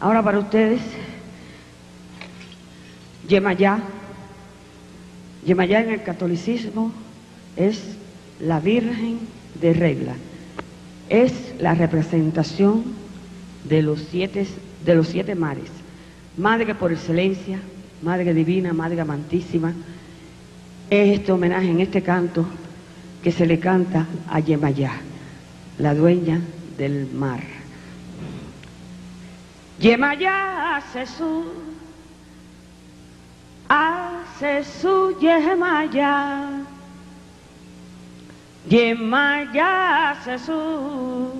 Ahora para ustedes, Yemayá. Yemayá en el catolicismo es la Virgen de Regla. Es la representación de los siete, de los mares. Madre por excelencia, Madre Divina, Madre Amantísima, es este homenaje en este canto que se le canta a Yemayá, la dueña del mar. Yemaya hace su, hace su Yemaya. Yemaya Jesús, su,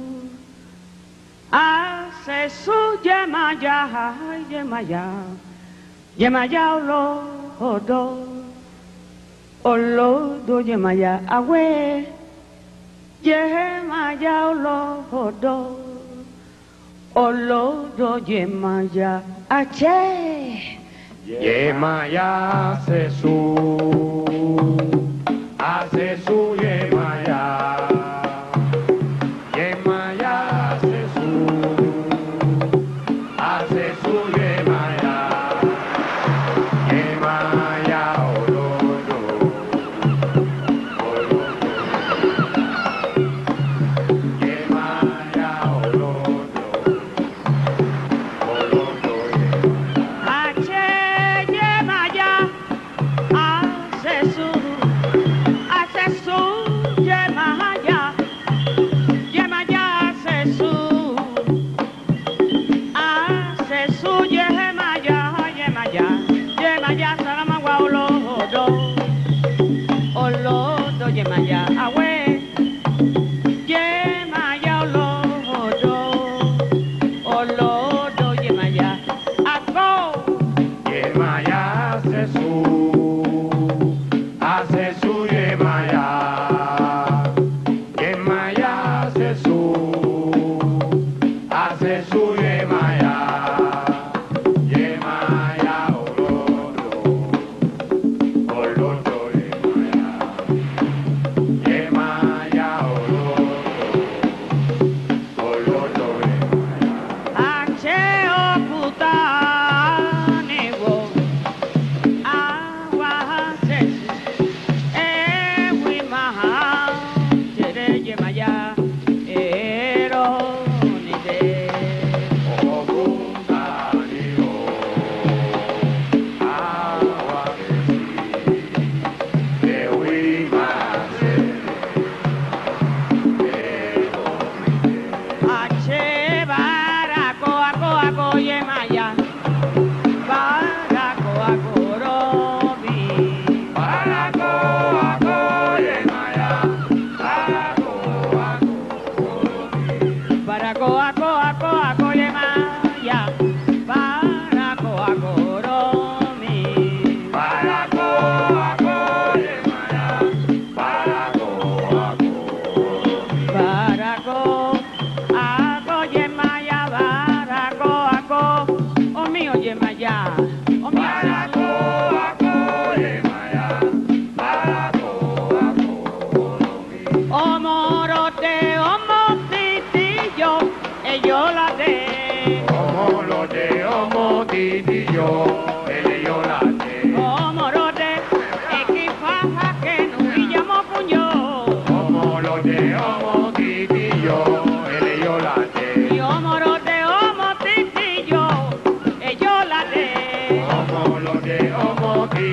hace su Yemaya, Yemaya. Yemaya olo odo, olo do Yemaya awe. Yemaya olo odo. Oloro Yemaya, ache. Yemaya se su, hace su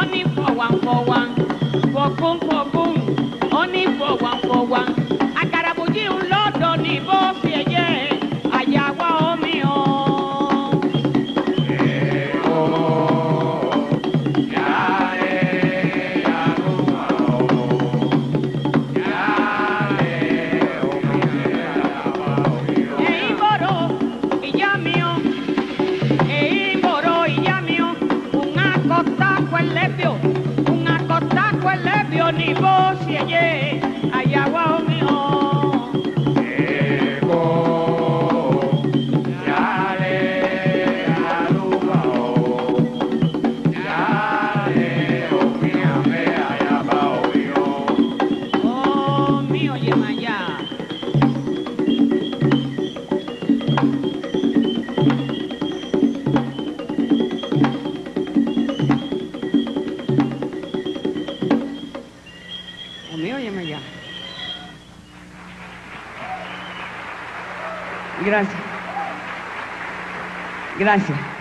only for one for one, for boom for boom, only for one for one. ni vos y ayer. Gracias. Gracias.